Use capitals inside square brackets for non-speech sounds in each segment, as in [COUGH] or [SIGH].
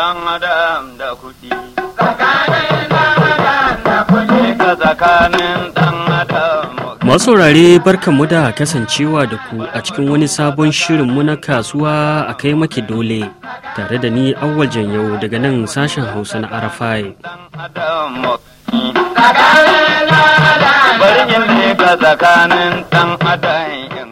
dan adam da kuɗi. Masu saurare barkanmu da kasancewa da ku a cikin wani sabon shirinmu na kasuwa a kai maki dole tare da ni awwal yau daga nan sashen hausa na arafai.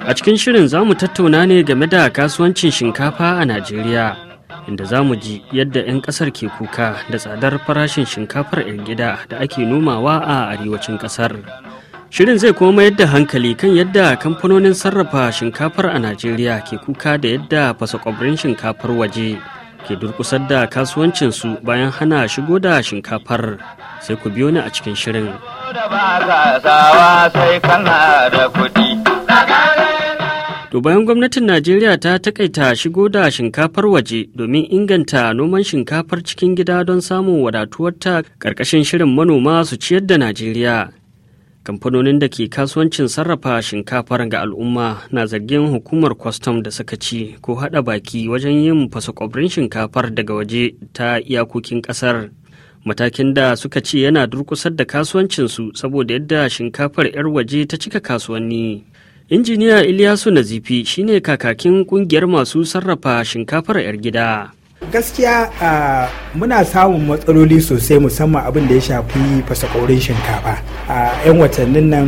A cikin shirin za mu tattauna ne game da kasuwancin shinkafa a Najeriya. inda za mu ji yadda 'yan kasar ke kuka da tsadar farashin shinkafar 'yan gida da ake nomawa a arewacin kasar. Shirin zai kuma mayar da hankali kan yadda kamfanonin sarrafa shinkafar a Najeriya ke kuka da yadda fasakwabrin shinkafar waje ke durkusar da kasuwancinsu bayan hana shigo da shinkafar sai ku biyo ni a cikin shirin. To bayan gwamnatin Najeriya ta takaita shigo da shinkafar waje domin inganta noman shinkafar cikin gida don samun wadatuwarta ƙarƙashin shirin manoma su ciyar da Najeriya. Kamfanonin da ke kasuwancin sarrafa shinkafar ga al'umma na zargin hukumar kwastam da suka ci ko haɗa baki wajen yin fasakwabrin shinkafar daga waje ta iyakokin ƙasar. matakin da suka ce yana durkusar da kasuwancinsu saboda yadda shinkafar 'yar waje ta cika kasuwanni injiniya iliyasu nazifi shine kakakin kungiyar masu sarrafa shinkafar 'yar gida gaskiya muna samun matsaloli sosai musamman abin da ya shafi fasakorin shinkafa a 'yan watannin nan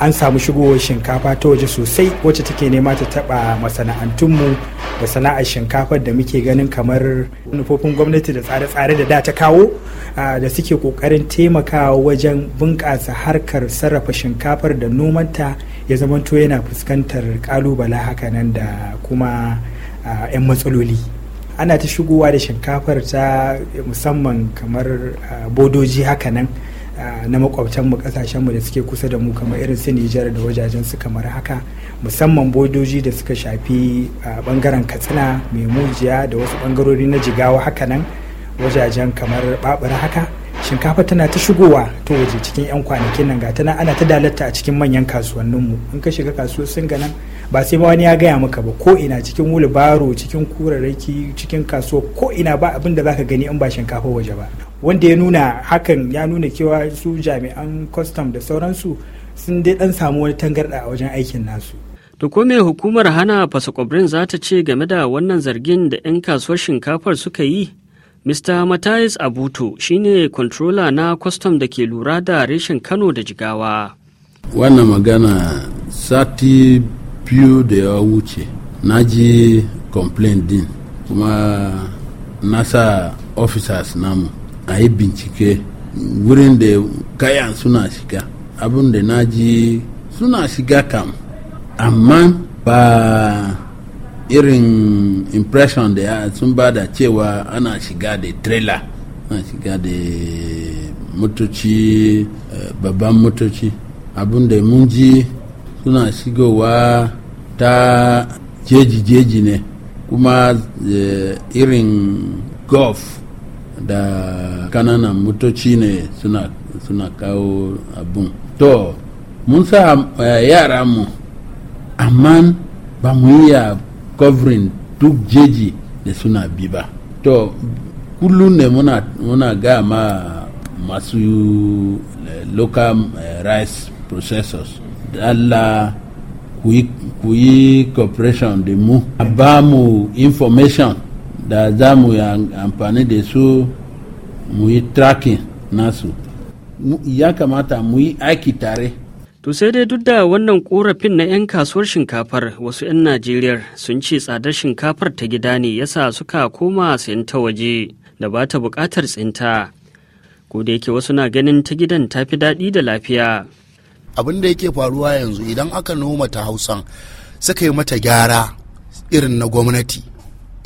an samu shigowar shinkafa ta waje sosai wacce take nema ta taba masana'antunmu da sana'ar shinkafar da muke ganin kamar nufofin gwamnati da tsare-tsare da da ta kawo da suke kokarin taimakawa wajen bunƙasa harkar sarrafa shinkafar da nomanta ya zamanto yana fuskantar kalubala hakanan da kuma 'yan matsaloli ana ta shigowa da shinkafar ta musamman kamar bodoji hakanan na mu ƙasashen mu da suke kusa da mu kamar irin su Nijar da wajajen su kamar haka musamman bodoji da suka shafi bangaren Katsina mai mujiya da wasu bangarori na jigawa haka nan wajajen kamar babura haka shinkafa tana ta shigowa ta waje cikin 'yan kwanakin nan ga tana ana ta dalarta a cikin manyan kasuwanninmu in ka shiga kasuwar sun ga nan ba sai ma wani ya gaya maka ba ko ina cikin wulbaro cikin kurarraki cikin kasuwa ko ina ba abin da zaka gani in ba shinkafa waje ba wanda ya nuna hakan ya nuna cewa su jami'an kwastam da sauransu sun dai dan samu wani tangarda a wajen aikin nasu To ko me hukumar hana fasakwabrin za ta ce game da wannan zargin da 'yan kasuwar shinkafar suka yi Mr. Matthias Abuto shine kontrola na kwastam da ke lura da reshen Kano da Jigawa. Wannan magana sati biyu da ya wuce, na ji complaint din kuma nasa officers namu a yi bincike wurin da kayan suna shiga. Abin da na ji suna shiga kam, amma ba irin impression da ya sun bada cewa ana shiga da trailer ana shiga da motoci eh, babban motoci abinda mun ji suna shigowa ta jeji-jeji ne kuma eh, irin golf da kananan motoci ne suna, suna kawo abun to mun sa eh, yara mu amma ba mu yi covering duk jeji da suna bi ba to kullum ne muna, muna ga ma masu eh, local eh, rice processors Allah ku yi cooperation da mu ba mu information da za mu yi amfani da su mu yi tracking nasu ya kamata mu yi aiki tare To sai dai duk da wannan korafin na 'yan kasuwar shinkafar wasu 'yan Najeriya sun ce tsadar shinkafar ta gida ne yasa suka koma sayan ta waje da ba ta buƙatar tsinta. Ko da yake wasu na ganin ta gidan ta fi daɗi da lafiya. Abin da yake faruwa yanzu idan aka noma ta hausan suka yi mata gyara irin na gwamnati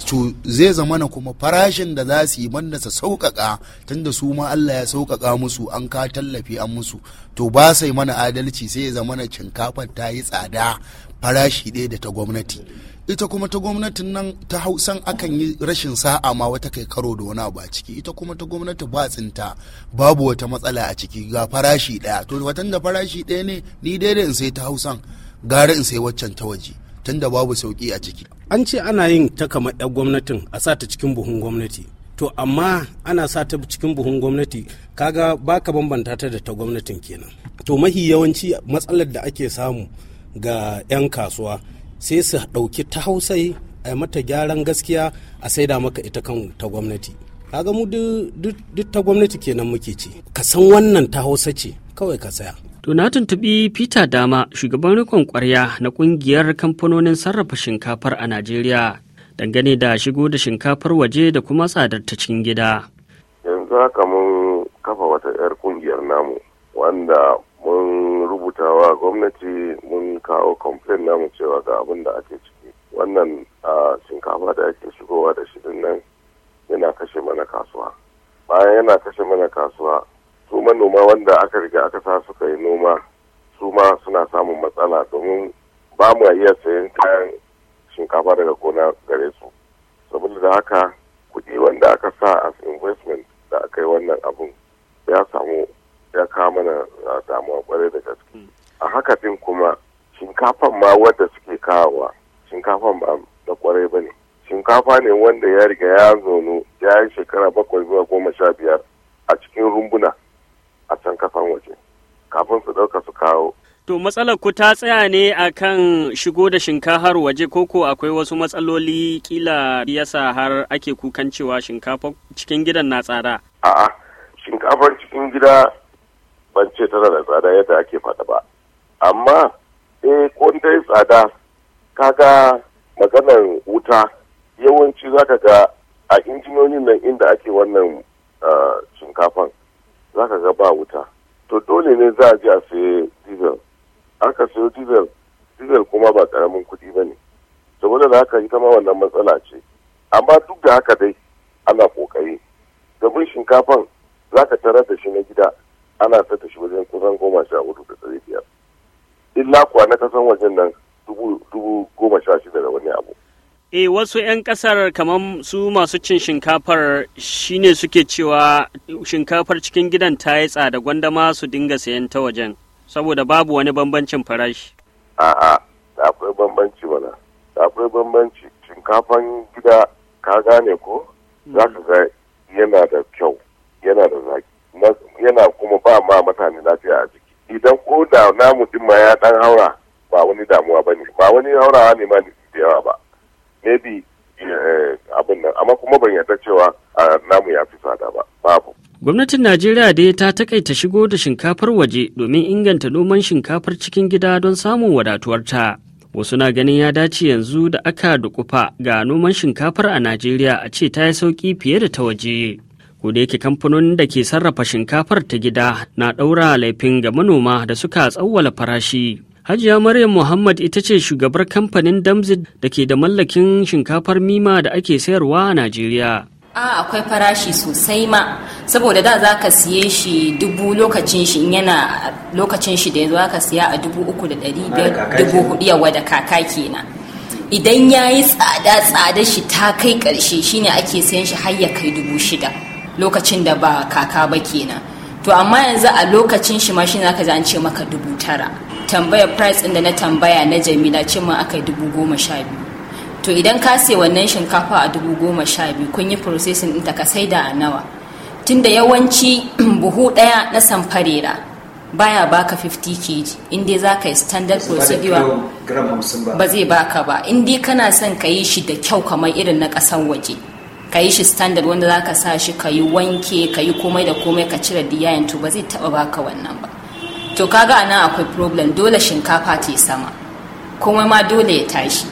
to zai zamana kuma farashin da za su yi banda sa sauƙaƙa tunda su ma Allah ya sauƙaƙa musu an ka tallafi an musu to ba sai mana adalci sai ya zamana shinkafar ta yi tsada farashi ɗaya da ta gwamnati ita kuma ta gwamnatin nan ta hausan akan yi rashin sa'a ma wata kai karo da wani abu a ciki ita kuma ta gwamnati ba tsinta babu wata matsala a ciki ga farashi ɗaya to watan da farashi ɗaya ne ni da in sai ta hausan gara in sai waccan ta waje tunda babu sauki a ciki an ce ana yin ta kama gwamnatin a sa ta cikin buhun gwamnati to amma ana sa ta cikin buhun gwamnati kaga baka bambanta ta da ta gwamnatin kenan to mahi yawanci matsalar da ake samu ga 'yan kasuwa sai su ɗauki ta hausai a mata gyaran gaskiya a saida maka ita kan ta gwamnati kaga mu duk ta gwamnati kenan muke ci ka san wannan ta hausa ce kawai ka saya To na tuntuɓi Peter Dama, shugaban rikon kwarya na ƙungiyar kamfanonin sarrafa shinkafar a Najeriya, dangane da shigo da shinkafar waje da kuma tsadar ta cikin gida. Yanzu haka mun kafa wata 'yar ƙungiyar namu, wanda mun rubutawa gwamnati mun kawo complain namu cewa ga abin da ake ciki. Wannan shinkafa da ake shigowa da shi nan yana kashe mana kasuwa. Bayan yana kashe mana kasuwa, su manoma wanda aka riga aka sa suka yi noma su ma suna samun matsala domin ba mu iya sayan kayan shinkafa daga gona gare su saboda haka kuɗi wanda aka sa as investment da aka yi wannan abun ya samu ya kawo mana damuwa kwarai da gaske hmm. a haka din kuma shinkafan ma wadda suke kawowa shinkafan ba da kwarai ba ne shinkafa ne wanda ya riga ya zono ya yi shekara bakwai zuwa goma sha biyar a cikin rumbuna a can kasan waje kafin su ɗauka su kawo. To matsalar ku ta tsaya ne a kan shigo da shinkafar waje koko akwai wasu matsaloli kila yasa har ake kukan cewa shinkafa cikin gidan na tsada. A'a shinkafar cikin gida ban ce tana da tsada yadda ake faɗa ba. Amma eh ko dai tsada kaga maganar wuta yawanci zaka ga a injiniyoyin nan inda ake wannan ah, shinkafan za ka ga ba wuta to dole ne za a je a sayi diesel aka sayo diesel diesel kuma ba karamin kuɗi ba ne saboda da haka ita ma wannan matsala ce amma duk da haka dai ana kokari domin shinkafan za ka tarar da shi na gida ana ta shi wajen kusan goma sha hudu da ɗari biyar illa kuwa na kasan wajen nan dubu goma sha shida da wani abu E wasu 'yan kasar kamar su masu cin shinkafar shine suke cewa shinkafar cikin gidan ta yi tsada gwandama su dinga sayan ta wajen saboda babu wani bambancin farashi. A'a, akwai bambanci mana, akwai bambanci shinkafan gida ka gane ko hmm. za ka ga yana da kyau, yana da zaki, yana kuma ba ma mutane lafiya a jiki. Idan ko da namu ma ya dan haura ba wani damuwa ba ne, ba wani haurawa ne ma da yawa ba. maybe eh, abin nan amma kuma ban yarda cewa ah, namu ya fi tsada ba babu gwamnatin najeriya dai ta takaita shigo da shinkafar waje domin inganta noman shinkafar cikin gida don samun wadatuwarta wasu na ganin ya dace yanzu da aka dukufa ga noman shinkafar a najeriya a ce ta yi sauki fiye da ta waje ko da yake kamfanonin da ke sarrafa shinkafar ta gida na ɗaura laifin ga manoma da suka tsawwala farashi Hajiya Maryam Muhammad ita ce shugabar kamfanin Damzid da ke da mallakin shinkafar mima da ake sayarwa a Najeriya. A akwai farashi sosai ma, saboda da za ka siye shi dubu lokacin shi yana lokacin shi da ya za ka siya a dubu uku da ɗari biyar dubu hudu yawa da kaka kenan. Idan ya yi tsada tsada shi ta kai ƙarshe shine ake sayan shi har ya kai dubu shida lokacin da ba kaka ba kenan. to amma yanzu a lokacin shi mashin shi zaka ji an ce maka dubu tara tambayar price ɗin da na tambaya na jamila ce ma aka dubu goma sha biyu to idan ka sai wannan shinkafa a dubu goma sha biyu kun yi processing ɗinta ka saida a nawa tunda yawanci [CLEARS THROAT] buhu ɗaya na samfarera baya baka 50 kg in dai za ka yi standard procedure ba zai baka ba in dai kana son ka yi shi da kyau kamar irin na ƙasan waje ka yi shi standard wanda za ka sa shi ka yi wanke ka yi komai da komai ka cire diyayen to ba zai taba baka wannan ba to kaga anan akwai problem dole shinkafa ta yi sama komai ma dole ya tashi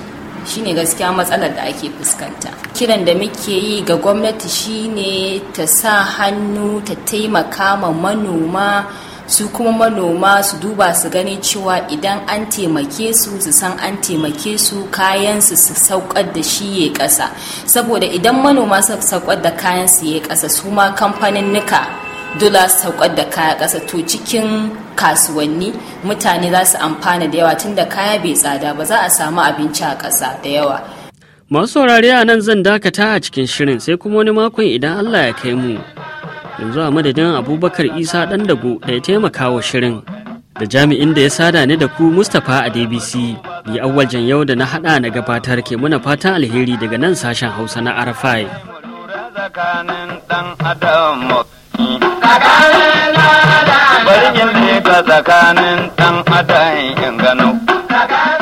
shine gaskiya matsalar da ake fuskanta kiran da muke yi ga gwamnati shine ta sa hannu ta taimaka ma manoma su kuma manoma su duba su gani cewa idan an taimake su su san an taimake su kayan su su saukar da shi ya kasa saboda idan manoma su saukar da kayan su ya kasa su ma kamfanin nika dula su saukar da kaya kasa to cikin kasuwanni mutane za su amfana da yawa tunda kaya bai tsada ba za a samu abinci a kasa da yawa masu saurare a nan zan dakata a cikin shirin sai kuma wani makon idan allah ya kai mu yanzu a madadin abubakar isa ɗan dago da ya taimaka wa shirin da jami'in da ya sada ni da ku mustapha a dbc ni yau da na hada na gabatar ke muna fatan alheri daga nan sashen hausa na arafai tsakanin ɗan